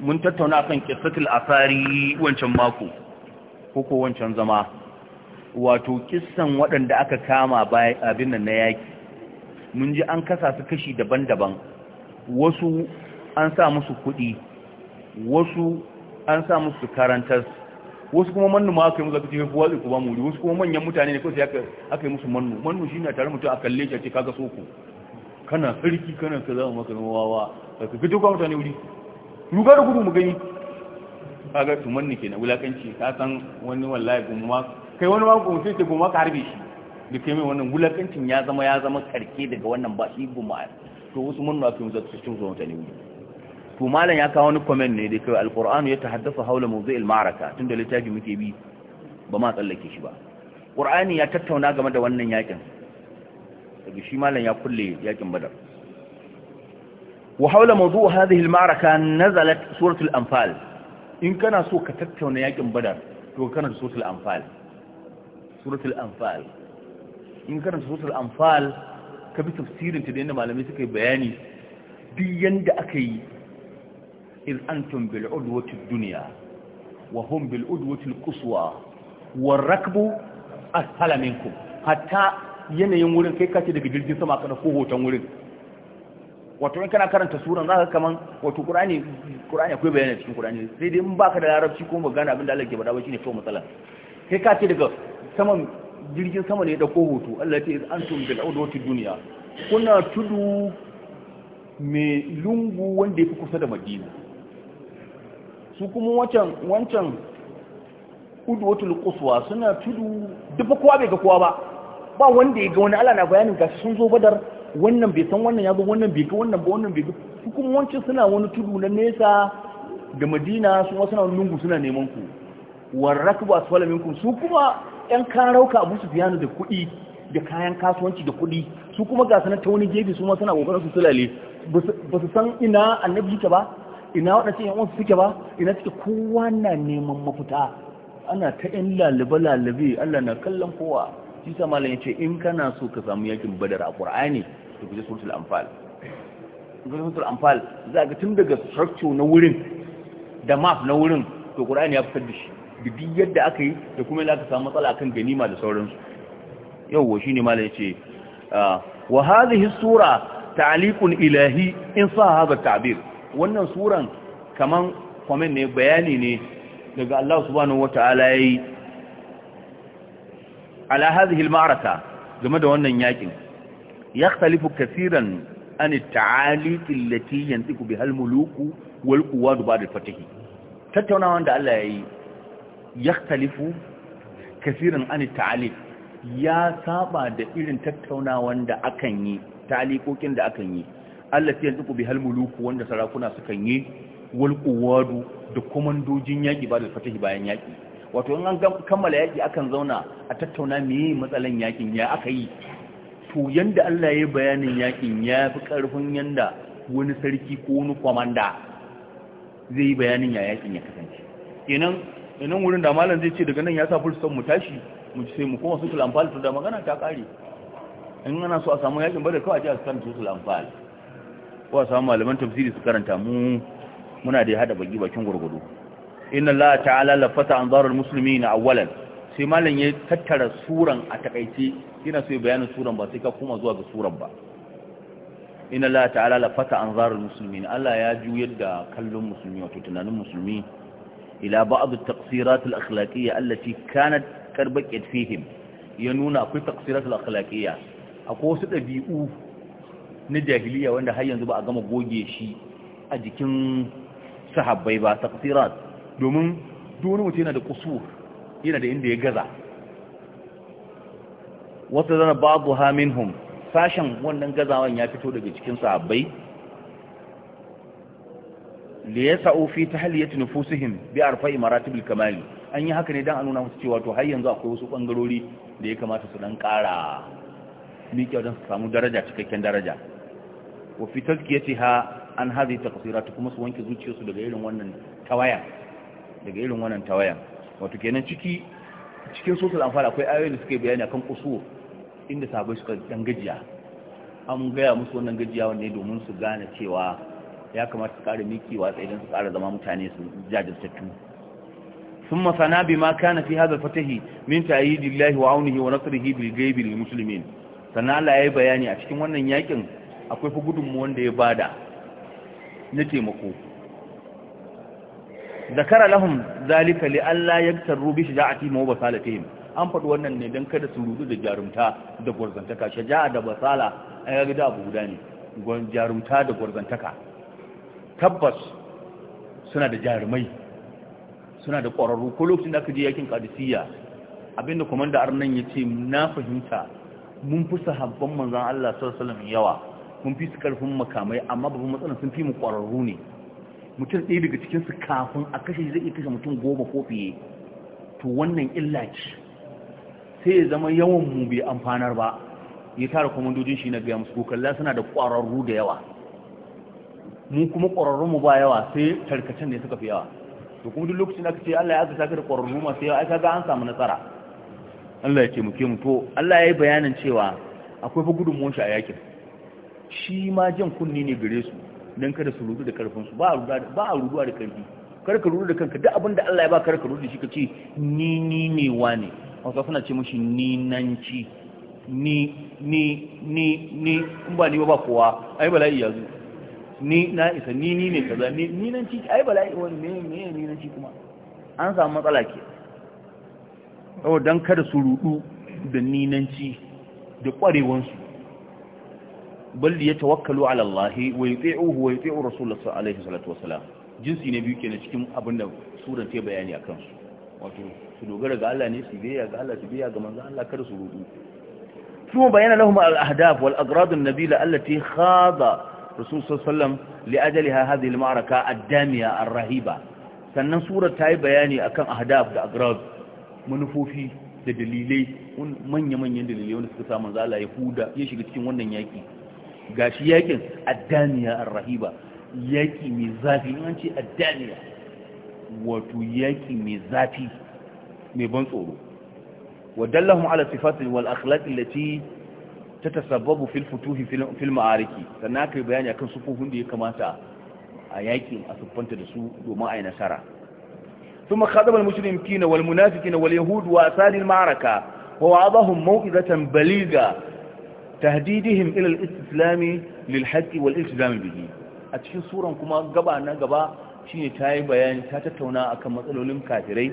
mun tattauna kan kisatul asari wancan mako ko wancan zama wato kissan waɗanda aka kama abin nan na yaki mun ji an kasa su kashi daban-daban wasu an sa musu kuɗi wasu an sa musu karantar wasu kuma mannu ma aka yi musu cikin kuwa zai kuma muri wasu kuma manyan mutane ne kawai aka yi musu mannu mannu shi na tare mutu a kalle shi a ce kaga soko kana sarki kana kaza amma kana wawa ka fito kwa mutane wuri ruga da gudu mu gani ga tuman ne na wulakanci ka san wani wallahi gumma kai wani wani gumma sai gumma ka harbe shi da kai mai wannan wulakancin ya zama ya zama karke daga wannan ba shi gumma to wasu mun na kuma zata cikin zuwa mutane wuri to malam ya kawo wani comment ne da kai alqur'anu ya tahaddafa haula mawdu'il ma'araka tunda littafi muke bi ba ma tsallake shi ba qur'ani ya tattauna game da wannan yakin daga shi malam ya kulle yakin badar wa haula mawdu' hadhihi al nazalat suratul anfal in kana so ka tattauna yakin badar to kana da suratul anfal in kana ka bi tafsirin ta da yanda malamai suka yi bayani duk yanda aka yi iz antum bil udwati ad-dunya wa hum bil udwati al-quswa war rakbu minkum hatta yanayin wurin kai kace daga jirgin sama kana ko hoton wurin wato in kana karanta suran za ka kaman wato qur'ani qur'ani akwai bayani cikin qur'ani sai dai in baka da larabci ko ba gane abin da Allah ke bada ba shine to matsala kai ka ce daga saman jirgin sama ne da ko hoto Allah ya ce antum bil udwati dunya kuna tudu mai lungu wanda yake kusa da Madina su kuma wancan wancan udwatul quswa suna tudu duk kowa bai ga kowa ba ba wanda ya ga wani ala na bayanin ga sun zo badar wannan bai san wannan ya zo wannan bai ga wannan ba wannan bai ga hukumancin suna wani tudu na nesa da madina su wasu na wani lungu suna neman ku warraka ba su minku su kuma yan rauka abu su biyanu da kuɗi da kayan kasuwanci da kuɗi su kuma ga sanar ta wani gefe su ma suna kokarin su sulale ba su san ina annabi ta ba ina waɗancan yan uwansu suke ba ina suke kowa na neman mafita ana ta yan lalube lalube Allah na kallon kowa shi malam malam yace in kana so ka samu yakin badar a qur'ani to kuje amfal anfal suratul anfal za ga tun daga structure na wurin da map na wurin to qur'ani ya fitar da shi da duk yadda aka yi da kuma yana ka samu matsala akan ganima da sauransu yawwa shine malam yace ah, wa hadhihi sura ta'liqun ilahi in sa hadha ta'bir wannan suran kaman comment ne bayani ne daga Allah subhanahu wataala yi. ala hadhihi al game da wannan yakin yakhtalifu kaseeran an taaliq allati yantiqu biha al-muluku wal quwwat ba'da al-fath tattaunawa da Allah yayi yakhtalifu kasiran an at-ta'aliq ya saba da irin tattaunawa da akan yi ta'alikokin da akan yi allati yantiqu biha al-muluku wanda sarakuna sukan yi wal da komandojin yaki ba da fatahi bayan yaki wato in an kammala yaki akan zauna a tattauna meye matsalan yakin ya aka yi to yanda Allah ya bayanin yakin ya fi karfin yanda wani sarki ko wani kwamanda zai yi bayanin ya yakin ya kasance kenan inan wurin da malam zai ce daga nan ya sa fursan mu tashi mu sai mu koma su anfal to da magana ta kare in ana so a samu yakin bada kawai a ji a san su anfal ko a samu malaman tafsiri su karanta mu muna da hada baki bakin gurgudu inna Allah ta'ala lafata anzarul na awwalan sai malam ya tattara suran a takaice ina so bayanin suran ba sai ka kuma zuwa ga suran ba inna Allah ta'ala lafata anzarul muslimin Allah ya juyar da kallon musulmi wato tunanin musulmi ila ba'd at-taqsirat al-akhlaqiyya allati kanat karbaqat fihim ya nuna akwai taqsirat al-akhlaqiyya akwai wasu dabi'u na jahiliya wanda har yanzu ba a gama goge shi a jikin sahabbai ba taqsirat domin duwani mutu yana da kusur yana da inda ya gaza wata zana babu hun sashen wannan gazawan ya fito daga cikin sahabbai da ya sa'ofi fi ta haliyyar nufusihim bi arfa imaratibul kamali an yi haka ne don a nuna masu cewa to har yanzu akwai wasu ɓangarori da ya kamata su dan ƙara miƙe don su samu daraja cikakken daraja wa ce ha an hazi ta hadhihi ta kuma su wanke zuciyarsu daga irin wannan waya. daga irin wannan tawayan wato kenan ciki cikin sosai amfani akwai ayoyi da suke bayani akan kusur inda sabai suka dan gajiya an gaya musu wannan gajiya wanda domin su gane cewa ya kamata su kara miki watsa idan su kara zama mutane su jajirtattu sun masana bi ma kana fi hadal fatahi min yi lillahi wa aunihi wa nasrihi bil ghaibi lil muslimin sannan Allah yi bayani a cikin wannan yakin akwai fa gudunmu wanda ya bada na taimako zakara lahum zalika li alla yaktaru bi shaja'atihim wa basalatihim an faɗi wannan ne don kada su rudu da jarumta da gwarzantaka shaja'a da basala a yaga da abu guda ne jarumta da gwarzantaka tabbas suna da jarumai suna da ƙwararru ko lokacin da aka je yakin kadisiyya abinda komanda arnan ya ce na fahimta mun fi sahabban manzan Allah sallallahu alaihi yawa mun fi su karfin makamai amma babban matsalan sun fi mu ƙwararru ne mutum ɗaya daga cikinsu kafin a kashe zai iya kashe mutum goma ko fiye to wannan illa ce sai ya zama yawan mu bai amfanar ba ya tara kwamandojin shi na gaya musu kokalla suna da ƙwararru da yawa mu kuma ƙwararrun mu ba yawa sai tarkacen ne suka fi yawa to kuma duk lokacin da aka ce Allah ya aka saka da ƙwararru masu yawa ai kaga an samu nasara Allah ya ce mu ke mu to Allah ya yi bayanin cewa akwai fa gudunmuwan shi a yakin shi ma jan kunni ne gare su don kada su rudu da karfinsu ba a ruduwa da karfi kar ka rudu da kanka duk abinda Allah ya ba kar ka rudu shi ka ce ni ni ne wa ne wasu suna ce mashi ni nan ci ni ni ni ni in ba ni ba kowa ai bala'i ya ni na isa ni ni ne kaza ni ni nan ci ai bala'i wani me me ni nan ci kuma an samu matsala ke saboda dan kada su rudu da ni nan ci da kwarewansu bal yatawakkalu ala Allah wa yuti'uhu wa yuti'u Rasulullah sallallahu alaihi wasallam jinsi ne biyu kenan cikin abin da suran ta bayani akan su wato su dogara ga Allah ne su biya ga Allah su biya ga manzo Allah kar su rudu ثم بين لهم الأهداف والأغراض النبيلة التي خاض رسول صلى الله عليه وسلم لأجلها هذه المعركة الدامية الرهيبة sannan surar ta yi bayani akan ahdaf da agrab manufofi da dalilai manya-manyan dalilai wanda suka samun zala ya huda ya shiga cikin wannan yaki gashi yakin addaniya arrahiba yaki mai zafi in ce addaniya wato yaki mai zafi mai ban tsoro wadallahum ala sifati wal akhlaqi lati tatasabbabu fil futuhi fil ma'ariki sannan kai bayani akan sufofin da ya kamata a yakin a siffanta da su domin ai nasara ثم خاطب المشركين والمنافقين واليهود وأسال المعركة ووعظهم موئذة بليغة tahdidihim ila al-islam lil haqq wal iltizam bihi a cikin suran kuma gaba na gaba shine ta yi bayani ta tattauna akan matsalolin kafirai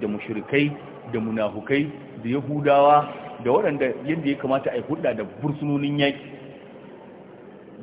da mushrikai da munafukai da yahudawa da waɗanda yadda ya kamata a yi hulɗa da bursunonin yaki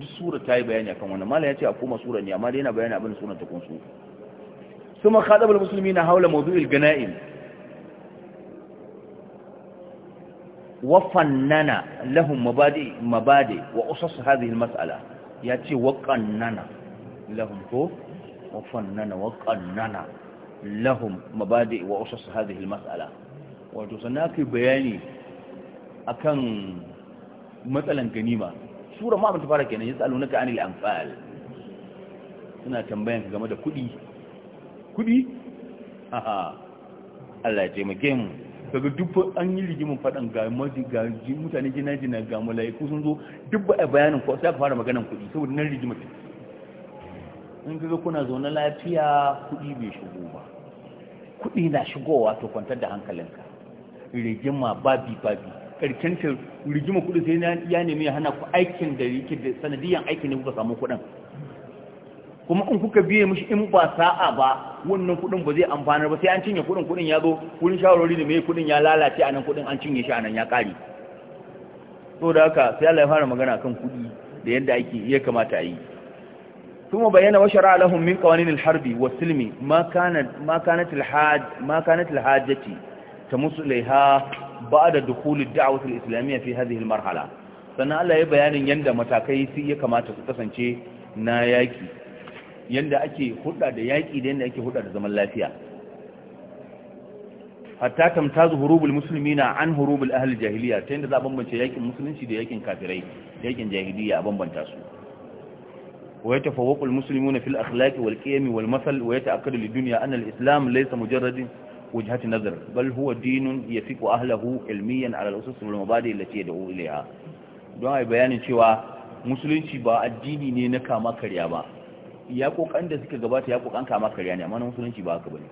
duk sura ta yi bayani akan wannan malam ya ce a koma sura ne amma dai yana bayani abin sunan ta kunsu kuma khadabul muslimina haula mawdu'il ganaim وفننا لهم مبادئ مبادئ وأسس هذه المسألة يأتي وقننا لهم تو وفننا وقننا لهم مبادئ وأسس هذه المسألة وتصنعك بياني أكن مثلا غنيمة سورة ما بنتفارك يعني يسألونك عن الأنفال suna tambayan game da kuɗi kuɗi aha Allah ya taimake mu daga dubba an yi rigimin faɗan ga maji ga mutane jina jina ga mala'iku sun zo duk a bayanin ko sai ka fara maganan kuɗi saboda nan rigima ce in zo kuna zaune lafiya kuɗi bai shigo ba kuɗi na shigowa to kwantar da hankalinka rigima babi babi karkenta rigima kuɗi sai ya nemi ya hana ku aikin da yake da sanadiyan aikin ne kuka samu kuɗin kuma in kuka biye mishi in ba sa'a ba wannan kudin ba zai amfana ba sai an cinye kudin kudin ya zo wurin shawarwari da mai kudin ya lalace a nan kudin an cinye shi a nan ya kare to da haka sai Allah ya fara magana kan kudi da yadda ake ya kamata a yi ثم بين silmi ma من ma الحرب al ما ma ما al الحاج ta كانت ba'da dukhul إليها dawah al الدعوة fi hadhihi al-marhala sannan Allah ya bayanin yadda matakai su ya kamata su kasance na yaki yanda ake hudda da yaƙi da yanda ake hudda da zaman lafiya hatta tamtazu hurubul na an hurubul ahli jahiliya ta yanda za a bambance yaƙin musulunci da yaƙin kafirai da yaƙin jahiliya a bambanta su wa yatafawwaqu al muslimuna fil akhlaqi wal qiyam wal masal wa yata'akkadu lid dunya anna al islam laysa mujarradin Bal huwa بل هو دين يفق أهله علميا على wal mabadi التي يدعو إليها don a bayanin cewa musulunci ba addini ne na kama karya ba ya kokan da suka gabata ya kokan kama karya ne amma na musulunci ba haka bane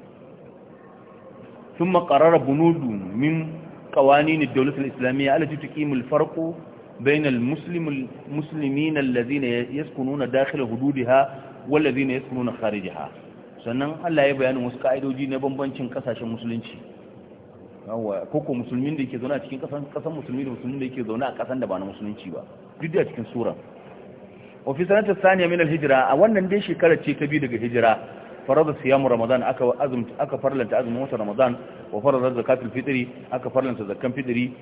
sun makarara bunudu min kawani ne daulatar islamiyya ala tutuki mulfarko bayan al-musulmin allazi ne ya sukununa dakilar hududiha wallazi ne ya sukununa kharijiha sannan allah ya bayanin wasu ka'idoji na bambancin kasashen musulunci koko musulmin da ke zaune a cikin kasan musulmi da musulmin da ke zaune a kasan da ba na musulunci ba duk da cikin sura wa sanata saniya min hijira a wannan dai shekarar ce ta biyu daga hijira farada siyamu ramadan aka farlanta azumin watan ramadan wa farada zakatul fitri aka farlanta zakkan fitri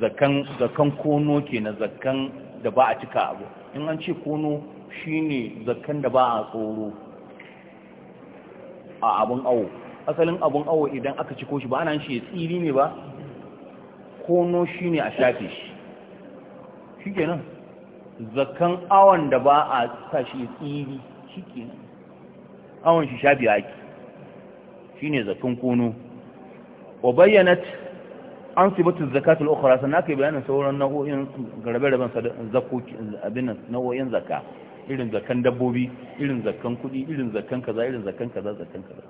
zakkan kono ke na zakkan da ba a cika abu in an ce kono shine zakkan da ba a tsoro a abun awo asalin abun awo idan aka ciko shi ba ana shi ya tsiri ne ba kono shine a shafe shi shikenan zakan awon da ba a sa shi tsiri shi ke awon shi sha biya ake shi ne zakan kono wa bayyanat an sibatu zakatul okara sannan aka yi bayanin sauran nau'o'in garbe-garben abin nau'o'in zaka, irin zakan dabbobi irin zakan kudi irin zakan kaza irin zakan kaza zakan kaza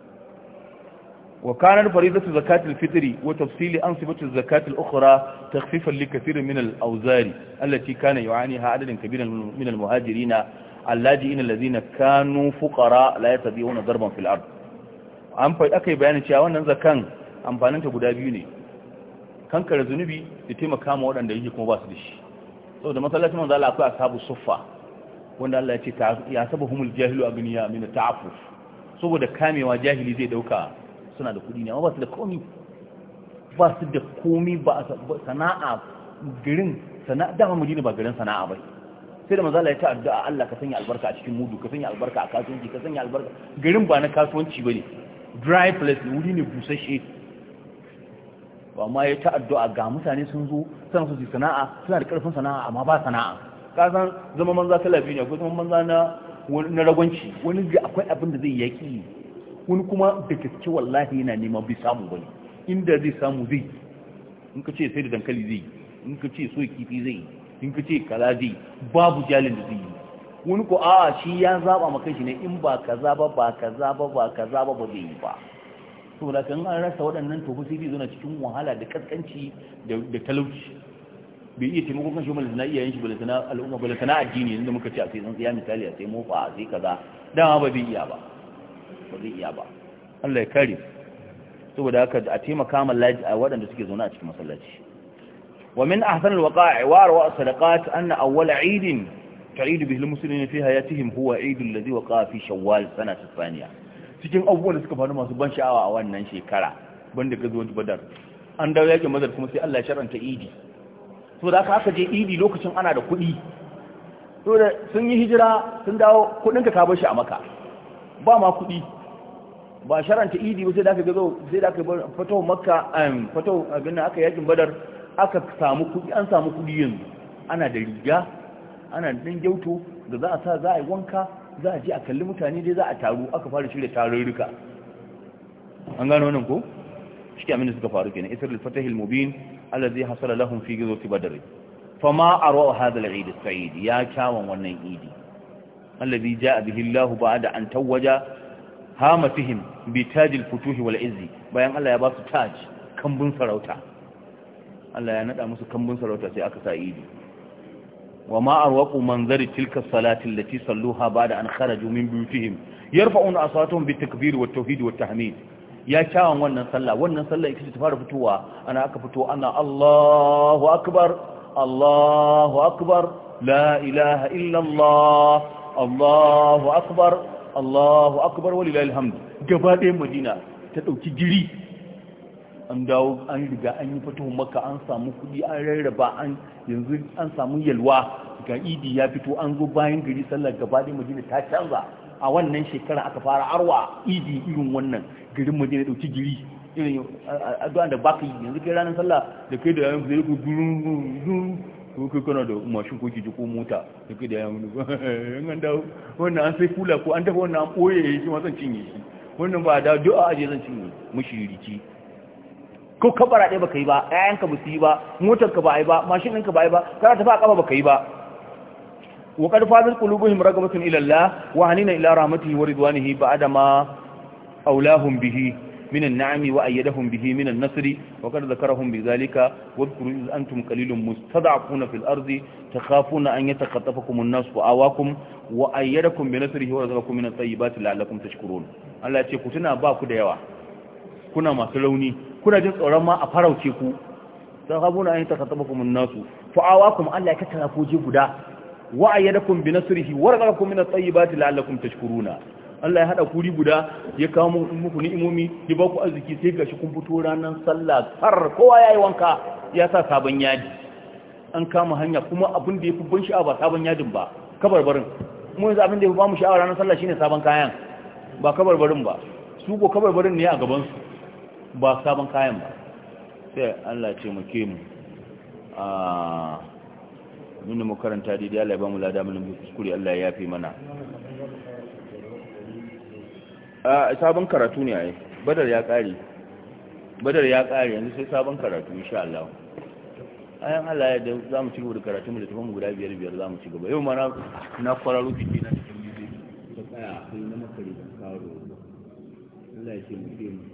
وكان فريضة زكاة الفطر وتفصيل أنصبة الزكاة الأخرى تخفيفا لكثير من الأوزار التي كان يعانيها عدد كبير من المهاجرين اللاجئين الذين كانوا فقراء لا يتبعون ضربا في الأرض an faɗi aka yi bayanin cewa wannan zakan amfaninta guda biyu ne kankare zunubi da taimaka ma waɗanda yake kuma basu su da shi saboda masallacin manzo Allah akwai ashabu suffa wanda Allah ya saba jahilu amina saboda kamewa jahili zai dauka suna da kuɗi ne amma ba su da komi ba su da komi ba sana'a garin sana'a dama madina ba garin sana'a ba sai da mazala ya ta addu'a Allah ka sanya albarka a cikin mudu ka sanya albarka a kasuwanci ka sanya albarka garin ba na kasuwanci ba ne dry place wuri ne busasshe ba ma ya ta addu'a ga mutane sun zo suna su sana'a suna da karfin sana'a amma ba sana'a ka san zama manza talabi ne ko zama manza na na ragwanci wani akwai abin da zai yaki wani kuma da gaske wallahi yana neman bai samu bane inda zai samu zai in ka ce sai da dankali zai in ka ce soya kifi zai in ka ce kaza zai babu jalin da zai wani ko a shi ya zaba maka shi ne in ba kaza ba ba kaza ba ba kaza ba ba zai yi ba da kan an rasa waɗannan tofu sai zai na cikin wahala da kaskanci da talauci bai iya taimako kan shi balantana iyayen shi balantana al'umma balantana addini yanzu muka ce a sai tsantsiya misali a sai mofa a sai kaza dama ba zai iya ba ba zai iya ba Allah ya kare saboda haka a taimaka ma laji a waɗanda suke zaune a cikin masallaci wa min ahsan alwaqa'i wa arwa sadaqat an awwal 'eid ta'id bihi almuslimin fi hayatihim huwa 'eid alladhi waqa fi shawwal sana tsaniya cikin abubuwan da suka faru masu ban sha'awa a wannan shekara banda zuwan badar an dawo yake badar kuma sai Allah ya sharanta idi saboda haka aka je idi lokacin ana da kuɗi saboda sun yi hijira sun dawo kuɗinka ka bar shi a maka ba ma kuɗi ba sharanta idi ba sai da aka gazo sai da aka fato makka fito abin aka yakin badar aka samu kudi an samu kuɗi yanzu ana da riga ana da gyauto da za a sa za a yi wanka za a je a kalli mutane dai za a taru aka fara shirya tarurruka an gano wannan ko shi ke da suka faru kenan isar al-fatahil mubin allazi hasala lahum fi ghazwati badr fama arwa hadha al-eid as-sa'id ya kyawun wannan idi allazi jaa bihi Allahu ba'da an tawaja hama fihim bi tajil futuhi wal izzi bayan Allah ya ba su taj kambun sarauta Allah ya naɗa musu kambun sarauta sai aka sa idi wa ma arwaqu manzari tilka salati allati salluha ba'da an kharaju min buyutihim yarfa'una aswatuhum bi takbir wa tauhid wa tahmid ya kyawun wannan sallah wannan sallah ita ce ta fara fitowa ana aka fito ana Allahu akbar Allahu akbar la ilaha illallah Allahu akbar Allahu akbar lillahi alhamd gaba ɗayan Madina ta ɗauki giri an dawo an riga an yi fito maka an samu kuɗi an rarraba an yanzu an samu yalwa ga idi ya fito an zo bayan gari sallar gaba ɗayan Madina ta canza a wannan shekara aka fara arwa idi irin wannan garin Madina ɗauki giri irin addu'a da baka yi yanzu kai ranar sallah da kai da yanzu zai ku ko kai kana da mashin ko kiji ko mota da kai da ya mun eh, in an dawo wannan an sai kula ko an tafi wannan an boye shi ma zan cinye shi wannan ba da du'a aje zan cinye mushiriki ko kabara dai baka yi ba ƴaƴanka ba musu yi ba motarka ba yi ba mashin ɗinka ba yi ba kana tafi a kafa baka yi ba wa qad fazat qulubuhum ragabatun ila Allah wa hanina ila rahmatihi wa ridwanihi ba'da ma aulahum bihi من النعم وأيدهم به من النصر وقد ذكرهم بذلك واذكروا إذ أنتم قليل مستضعفون في الأرض تخافون أن يتخطفكم الناس وآواكم وأيدكم بنصره ورزقكم من الطيبات لعلكم تشكرون الله يتكتنا باكو ديوا كنا ما سلوني كنا جنس أرما أفروا تيكو تخافون أن يتخطفكم الناس فآواكم الله يتخافوا جيبو دا وأيدكم بنصره ورزقكم من الطيبات لعلكم تشكرون Allah ya hada kuri guda ya kawo muku ni'imomi ya ba ku arziki sai gashi kun fito ranar sallah har kowa yayi wanka ya sa sabon yadi an kama hanya kuma abin da yafi ban sha'awa ba sabon yadin ba kabarbarin mu yanzu abin da yafi ba mu sha'awa ranar sallah shine sabon kayan ba kabarbarin ba su ko kabarbarin ne a gaban su ba sabon kayan ba sai Allah ya ce mu ke ah, mu a nuna makaranta dai Allah ya ba mu lada mana kuskure Allah ya yafe mana sabon karatu ne ai badar ya kare badar ya kare yanzu sai sabon karatu insha Allah ayan Allah ya da zamu ci gaba da karatu mu da tafan mu guda biyar biyar zamu ci gaba yau ma na na kwararo fiki na cikin yuzi ta tsaya sai na makari da kawo Allah ya ce mu